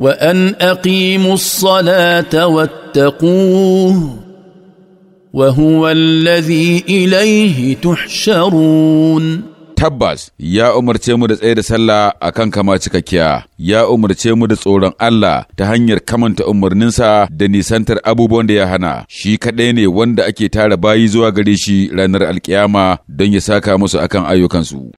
وان اقيموا الصلاه واتقوه وهو الذي اليه تحشرون tabbas ya umarce mu da tsaye da sallah a kan kama cikakkiya ya umarce mu da tsoron Allah ta hanyar kamanta umarninsa da nisantar abubuwan da ya hana shi kaɗai ne wanda ake tara bayi zuwa gare shi ranar alkiyama don ya saka musu akan ayyukansu